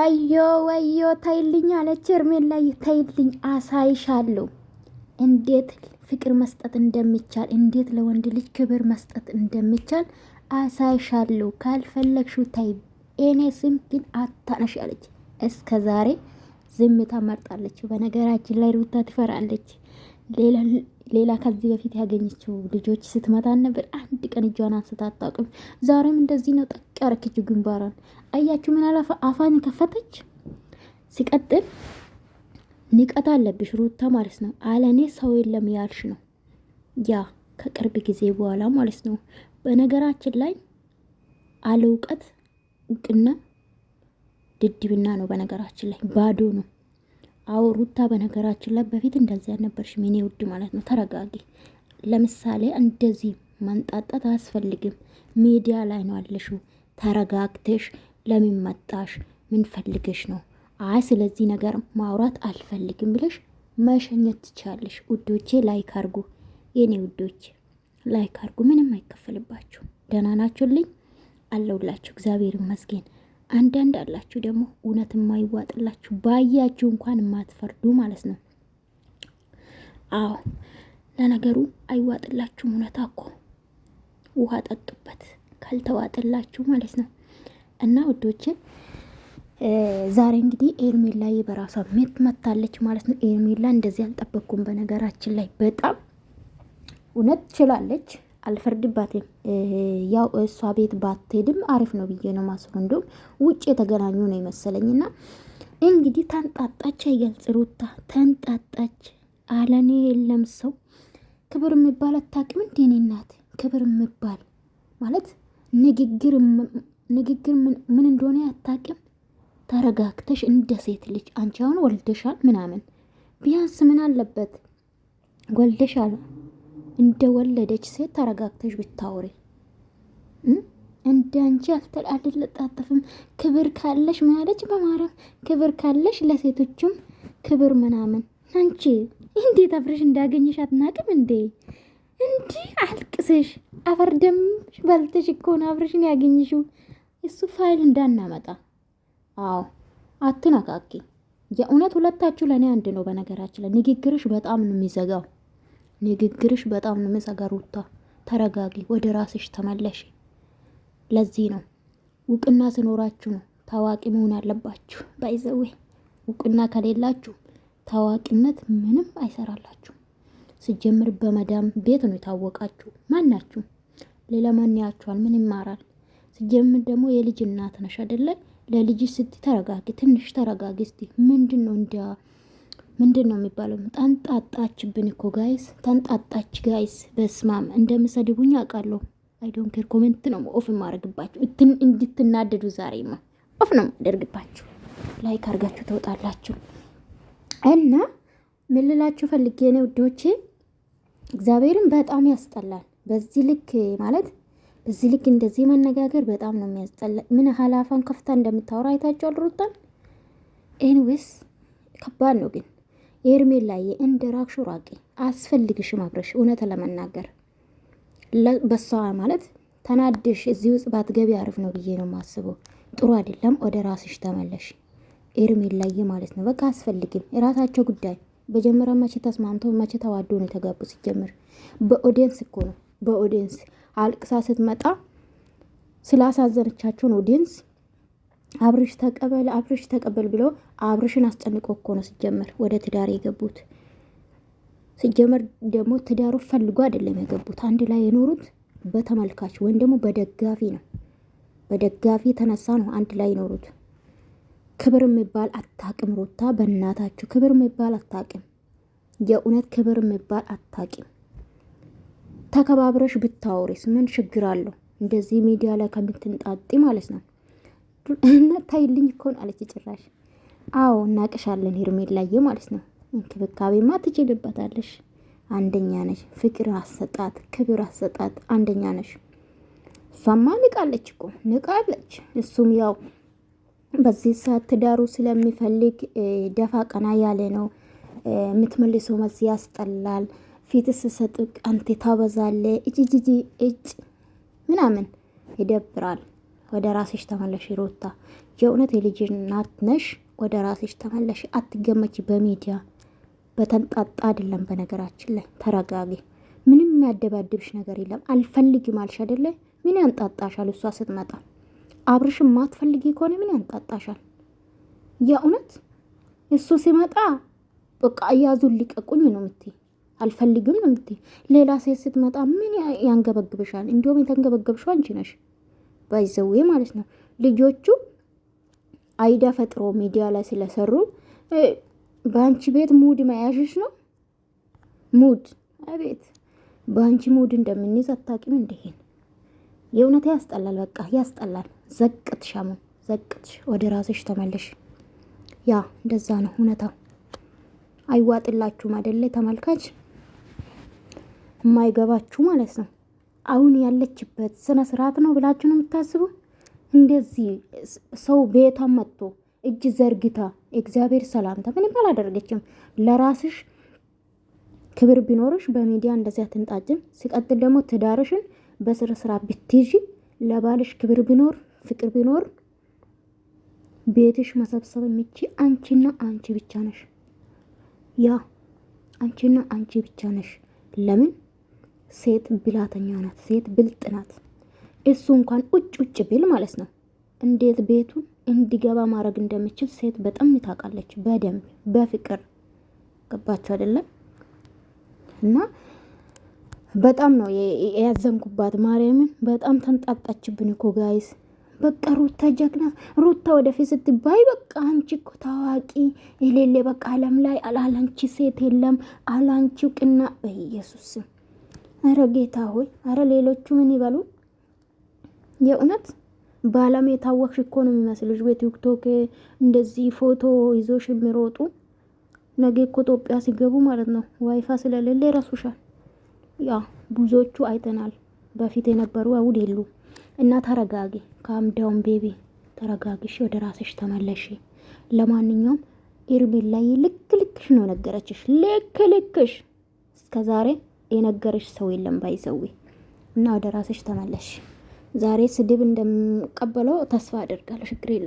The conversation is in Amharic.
አዮ ወዮ ተይልኝ አለች ሄርሜላ። ተይልኝ አሳይሻለሁ እንዴት ፍቅር መስጠት እንደሚቻል፣ እንዴት ለወንድ ልጅ ክብር መስጠት እንደሚቻል አሳይሻለሁ። ካልፈለግሽው ታይ፣ እኔ ስም ግን አታነሽ አለች። እስከ ዛሬ ዝምታ መርጣለች። በነገራችን ላይ ሩታ ትፈራለች ሌላ ሌላ ከዚህ በፊት ያገኘችው ልጆች ስትመታን ነበር። አንድ ቀን እጇን አንስታ አታውቅም። ዛሬም እንደዚህ ነው ጠቅ ያረከችው ግንባሯን። አያችሁ ምን አላፋ አፋን ከፈተች። ሲቀጥል ንቀት አለብሽ ሩታ ማለት ነው። አለኔ ሰው የለም ያልሽ ነው ያ ከቅርብ ጊዜ በኋላ ማለት ነው። በነገራችን ላይ አለ እውቀት እውቅና ድድብና ነው። በነገራችን ላይ ባዶ ነው። አዎ ሩታ፣ በነገራችን ላይ በፊት እንደዚህ አልነበርሽም የኔ ውድ ማለት ነው። ተረጋጊ። ለምሳሌ እንደዚህ መንጣጣት አያስፈልግም። ሚዲያ ላይ ነው አለሽው። ተረጋግተሽ ለምን መጣሽ? ምን ፈልገሽ ነው? አይ ስለዚህ ነገር ማውራት አልፈልግም ብለሽ መሸኘት ትቻለሽ። ውዶቼ ላይክ አርጉ፣ የኔ ውዶቼ ላይክ አርጉ። ምንም አይከፈልባችሁ። ደህና ናችሁልኝ? አለሁላችሁ። እግዚአብሔር ይመስገን። አንዳንድ አላችሁ ደግሞ እውነት የማይዋጥላችሁ ባያችሁ እንኳን የማትፈርዱ ማለት ነው። አዎ ለነገሩ አይዋጥላችሁም። እውነታ እኮ ውሃ ጠጡበት ካልተዋጥላችሁ ማለት ነው። እና ውዶችን ዛሬ እንግዲህ ኤርሜላ በራሷ ሜት መታለች ማለት ነው። ኤርሜላ እንደዚህ አልጠበኩም በነገራችን ላይ በጣም እውነት ችላለች። አልፈርድባትም። ያው እሷ ቤት ባትሄድም አሪፍ ነው ብዬ ነው ማስሩ። እንዲሁም ውጭ የተገናኙ ነው የመሰለኝና እንግዲህ ተንጣጣች ያያል ሩታ ተንጣጣች። አለኔ የለም ሰው ክብር የሚባል አታውቅም እንዴ? እናት ክብር የሚባል ማለት ንግግር ንግግር ምን እንደሆነ አታውቅም። ተረጋግተሽ እንደ ሴት ልጅ አንቺ አሁን ወልደሻል ምናምን ቢያንስ ምን አለበት ወልደሻል እንደ ወለደች ሴት ተረጋግተሽ ብታወሪ እንደ አንቺ አልተጣጠፍም። ክብር ካለሽ ማለች በማረም ክብር ካለሽ ለሴቶችም ክብር ምናምን። አንቺ እንዴት አፍረሽ እንዳገኘሽ አትናቅም እንዴ? እንዲህ አልቅሰሽ አፈር ደምሽ በልተሽ እኮን አፍረሽን ያገኝሽው። እሱ ፋይል እንዳናመጣ። አዎ አትነካኪ። የእውነት ሁለታችሁ ለእኔ አንድ ነው። በነገራችን ላይ ንግግርሽ በጣም ነው የሚዘጋው። ንግግርሽ በጣም ነው መዘጋሩታ። ተረጋጊ፣ ወደ ራስሽ ተመለሽ። ለዚህ ነው እውቅና ስኖራችሁ ነው ታዋቂ መሆን አለባችሁ። ባይዘዌ እውቅና ከሌላችሁ ታዋቂነት ምንም አይሰራላችሁ። ስጀምር በመዳም ቤት ነው የታወቃችሁ። ማናችሁ ሌላ ማን ያችኋል? ምን ይማራል? ስጀምር ደግሞ የልጅ እናት ነሽ አይደለ? ለልጅ ስቲ ተረጋጊ፣ ትንሽ ተረጋጊ። ስቲ ምንድን ነው እንዲያ ምንድን ነው የሚባለው? ተንጣጣችብን እኮ ጋይስ፣ ተንጣጣች ጋይስ። በስማም እንደምሰድቡኝ አውቃለሁ። አይዶን ኬር ኮሜንት ነው ኦፍ የማደርግባችሁ እንድትናደዱ። ዛሬማ ኦፍ ነው የማደርግባችሁ። ላይክ አድርጋችሁ ተወጣላችሁ እና ምን ልላችሁ ፈልጌ ነው ውዶቼ፣ እግዚአብሔርን በጣም ያስጠላል። በዚህ ልክ ማለት በዚህ ልክ እንደዚህ መነጋገር በጣም ነው የሚያስጠላ። ምን ሀላፋን ከፍታ እንደምታወራ አይታችኋል ሩታን። ኤንዌስ ከባድ ነው ግን ሄርሜላዬ እንደ ራቅሹ ራቂ፣ አያስፈልግሽም አብረሽ። እውነት ለመናገር በሰዋ ማለት ተናደሽ እዚህ ውስጥ ባትገቢ አሪፍ ነው ብዬ ነው የማስበው። ጥሩ አይደለም። ወደ ራስሽ ተመለሽ ሄርሜላዬ ማለት ነው። በቃ አስፈልግም የራሳቸው ጉዳይ። በጀመሪያ መቼ ተስማምተው መቼ ተዋዶ ነው የተጋቡ? ሲጀምር በኦዲየንስ እኮ ነው። በኦዲየንስ አልቅሳ ስትመጣ ስላሳዘነቻቸውን ኦዲየንስ አብርሽ ተቀበል አብርሽ ተቀበል ብሎ አብርሽን አስጨንቆ እኮ ነው ሲጀመር ወደ ትዳር የገቡት። ሲጀመር ደግሞ ትዳሩ ፈልጎ አይደለም የገቡት። አንድ ላይ የኖሩት በተመልካች ወይም ደግሞ በደጋፊ ነው። በደጋፊ የተነሳ ነው አንድ ላይ የኖሩት። ክብር የሚባል አታቅም ሩታ፣ በእናታችሁ ክብር የሚባል አታቅም። የእውነት ክብር የሚባል አታቂም። ተከባብረሽ ብታወሪስ ምን ችግር አለው? እንደዚህ ሚዲያ ላይ ከምትንጣጢ ማለት ነው። አላችሁ እና ታይልኝ እኮ ነው አለች። ጭራሽ አዎ እናቅሻለን ሄርሜላዬ ማለት ነው። እንክብካቤማ ትችልበታለሽ፣ አንደኛ ነሽ። ፍቅር አሰጣት፣ ክብር አሰጣት፣ አንደኛ ነሽ። እሷማ ንቃለች እኮ ንቃለች። እሱም ያው በዚህ ሰዓት ትዳሩ ስለሚፈልግ ደፋ ቀና ያለ ነው። የምትመልሰው መልስ ያስጠላል። ፊት ስሰጥቅ አንቴ ታበዛለ እጅ እጭ ምናምን ይደብራል። ወደ ራስሽ ተመለሽ ሩታ፣ የእውነት የልጅ እናት ነሽ። ወደ ራስሽ ተመለሽ። አትገመች በሚዲያ በተንጣጣ አይደለም። በነገራችን ላይ ተረጋጊ። ምንም የሚያደባድብሽ ነገር የለም። አልፈልግም አልሽ አይደለ? ምን ያንጣጣሻል? እሷ ስትመጣ አብርሽ ማትፈልጊ ከሆነ ምን ያንጣጣሻል? የእውነት እሱ ሲመጣ በቃ እያዙን ሊቀቁኝ ነው የምትይ፣ አልፈልግም ነው የምትይ። ሌላ ሴት ስትመጣ ምን ያንገበግብሻል? እንዲሁም የተንገበገብሽው አንቺ ነሽ። ባይዘዌ ማለት ነው። ልጆቹ አይዳ ፈጥሮ ሚዲያ ላይ ስለሰሩ በአንቺ ቤት ሙድ መያዥሽ ነው። ሙድ አቤት በአንቺ ሙድ እንደምንይዝ አታውቂም። እንደሄን የእውነት ያስጠላል። በቃ ያስጠላል። ዘቅት ሻሙ ዘቅት ወደ ራስሽ ተመለሽ። ያ እንደዛ ነው እውነታው። አይዋጥላችሁም አደለ ተመልካች፣ የማይገባችሁ ማለት ነው። አሁን ያለችበት ስነ ስርዓት ነው ብላችሁ ነው የምታስቡ? እንደዚህ ሰው ቤቷ መጥቶ እጅ ዘርግታ እግዚአብሔር ሰላምታ ምንም አላደረገችም። ለራስሽ ክብር ቢኖርሽ በሚዲያ እንደዚያ አትንጣጭም። ሲቀጥል ደግሞ ትዳርሽን በስነ ስርዓት ብትይዥ፣ ለባልሽ ክብር ቢኖር ፍቅር ቢኖር ቤትሽ መሰብሰብ ምቺ አንቺና አንቺ ብቻ ነሽ። ያ አንቺና አንቺ ብቻ ነሽ። ለምን ሴት ብላተኛ ናት፣ ሴት ብልጥ ናት። እሱ እንኳን ውጭ ውጭ ቢል ማለት ነው እንዴት ቤቱን እንዲገባ ማድረግ እንደምችል ሴት በጣም ታውቃለች። በደንብ በፍቅር ገባቸው አይደለም እና በጣም ነው ያዘንኩባት። ማርያምን በጣም ተንጣጣችብን እኮ ጋይስ። በቃ ሩታ ጀግና፣ ሩታ ወደፊት ስትባይ በቃ አንቺ እኮ ታዋቂ የሌለ በቃ አለም ላይ አላንቺ ሴት የለም አላንቺ ውቅና በኢየሱስም አረ ጌታ ሆይ፣ አረ ሌሎቹ ምን ይበሉ? የእውነት በዓለም የታወቅሽ እኮ ነው የሚመስልሽ። በቲክቶክ እንደዚህ ፎቶ ይዞሽ የሚሮጡ ነገ እኮ ኢትዮጵያ ሲገቡ ማለት ነው ዋይፋ ስለሌለ ይረሱሻል። ያ ብዙዎቹ አይተናል። በፊት የነበሩ አውድ የሉ እና ተረጋጊ። ካምዳውን ቤቢ ተረጋግሽ፣ ወደ ራስሽ ተመለሽ። ለማንኛውም ኤርሜላ ላይ ልክ ልክሽ ነው ነገረችሽ፣ ልክ ልክሽ እስከዛሬ የነገረሽ ሰው የለም ባይዘዊ እና ወደ ራስሽ ተመለሽ። ዛሬ ስድብ እንደምቀበለው ተስፋ አደርጋለሁ። ችግር የለም።